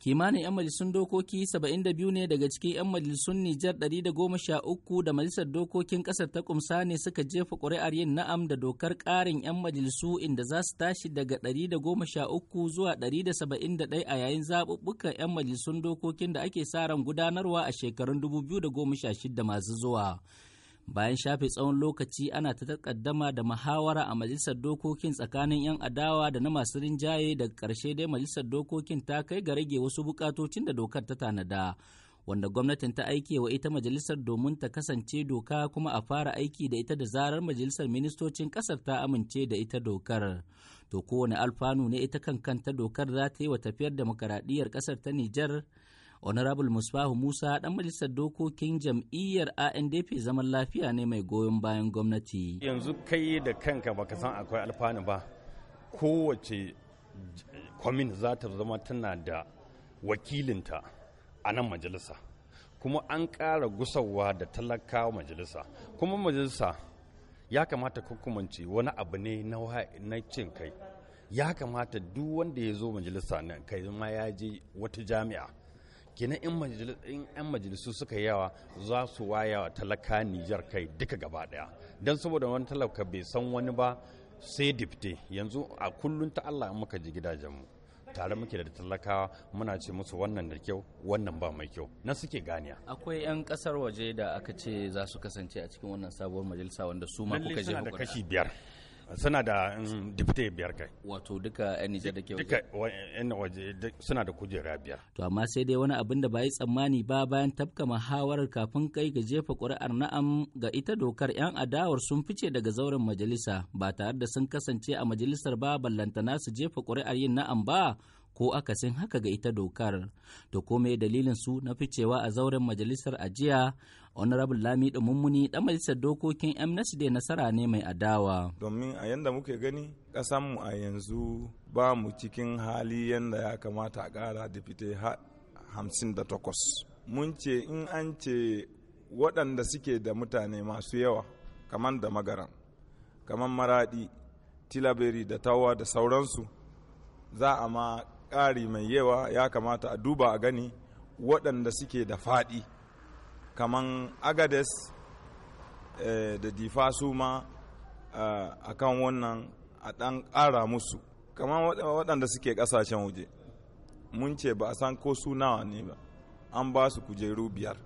kimanin 'yan majalisun dokoki 72 ne daga cikin 'yan majalisun Nijar 113 da majalisar dokokin kasar ta kumsa ne suka jefa ƙuri'ar yin na'am da dokar ƙarin 'yan majalisu inda za su tashi daga 113 zuwa 171 a yayin zaɓuɓɓukan 'yan majalisun dokokin da ake sa ran gudanarwa a shekarun 2016 masu zuwa. bayan shafe tsawon lokaci ana ta takaddama da muhawara a majalisar dokokin tsakanin 'yan adawa da na masu rinjaye daga ƙarshe dai majalisar dokokin ta kai ga rage wasu bukatocin da dokar ta tanada wanda gwamnatin ta aike wa ita majalisar domin ta kasance doka kuma a fara aiki da ita da zarar majalisar ministocin ƙasar ta amince da ita dokar to kowane alfanu ne ita kan kanta dokar za ta yi wa tafiyar demokaradiyyar ƙasar ta nijar honorable musbahu musa dan majalisar dokokin jam'iyyar andp zaman lafiya ne mai goyon bayan gwamnati yanzu kai da kanka baka san akwai alfanu ba kowace kwamin za ta zama tana da wakilinta a nan majalisa kuma an ƙara gusawa da talakawa majalisa kuma majalisa ya kamata hukumance wani abu ne na cin kai ya kamata duk wanda ya zo majalisa nan kai ma ya je wata jami'a kenan in 'yan majalisu suka yawa za su waya wa talaka nijar kai duka gaba daya don saboda wani talaka bai san wani ba sai dipte yanzu a kullum ta allah muka ji gidajenmu tare muke da talakawa muna ce musu wannan da kyau wannan ba mai kyau na suke ganiya akwai 'yan kasar waje da aka ce za su kasance a cikin wannan sabuwar majalisa wanda su ma kuka je kashi biyar suna da mm, dipte biyar kai wato duka yan nijar da ke waje duka suna da kujera biyar to amma sai dai wani abin da ba yi tsammani ba bayan tafka muhawarar kafin kai ga jefa ƙuri'ar na'am ga ita dokar yan adawar sun fice daga zauren majalisa ba tare da sun kasance a majalisar ba ballantana su jefa ƙuri'ar yin na'am ba ko akasin haka ga ita dokar to kome dalilin su na ficewa a zauren majalisar ajiya honorable lami da mummuni dan majalisar dokokin amnesty da nasara ne mai adawa domin a yanda muke gani kasanmu a yanzu ba mu cikin hali yanda ya kamata a kara dipite hamsin da takwas mun ce in an ce waɗanda suke da mutane masu yawa kamar da magaran kamar maradi tilaberi da tawa da sauransu za a ma ƙari mai yawa ya kamata a duba a gani waɗanda suke da faɗi kaman agades eh, da difa su ma eh, a kan wannan a ɗan ƙara musu kaman waɗanda suke ƙasashen waje mun ce ba a san ko sunawa ne ba an ba su kujeru biyar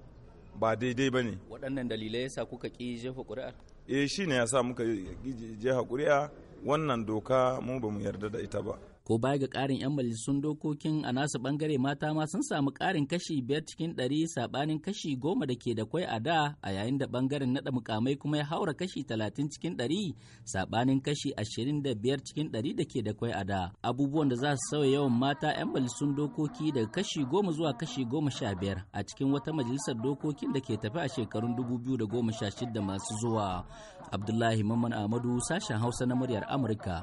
ba daidai ba ne waɗannan dalilai yasa kuka ƙi jefa ƙuri'ar eh shi ne ya sa muka jefa ƙuri'a wannan doka mu ba mu yarda da ita ba ko baya ga ƙarin 'yan majalisun dokokin a nasu ɓangare mata ma sun samu ƙarin kashi biyar cikin ɗari saɓanin kashi goma da ke da kwai a da a yayin da ɓangaren naɗa mukamai kuma ya haura kashi talatin cikin ɗari saɓanin kashi ashirin da biyar cikin ɗari da ke da kwai a da abubuwan da za su sauya yawan mata 'yan majalisun dokoki daga kashi goma zuwa kashi goma sha biyar a cikin wata majalisar dokokin da ke tafi a shekarun dubu biyu da goma sha shida masu zuwa abdullahi mamman Amadu sashen hausa na muryar amurka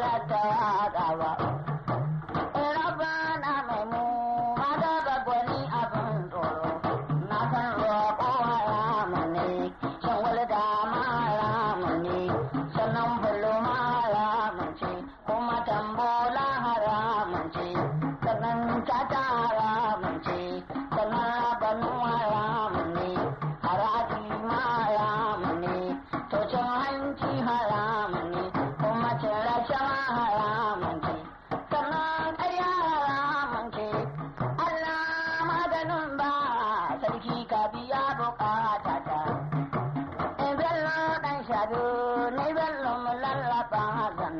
halatta haɗa ba. Iraba na mai mu maza ba gwani abin tsoro, na san roƙo haramu ne, shan walda ma haramu ne, sannan bulo ma haramu kuma tambola haramu ce, sannan tata haramu sannan rabanu haramu ne, haraji ma haramu ne, to cin hanci haramu ne. biya bukata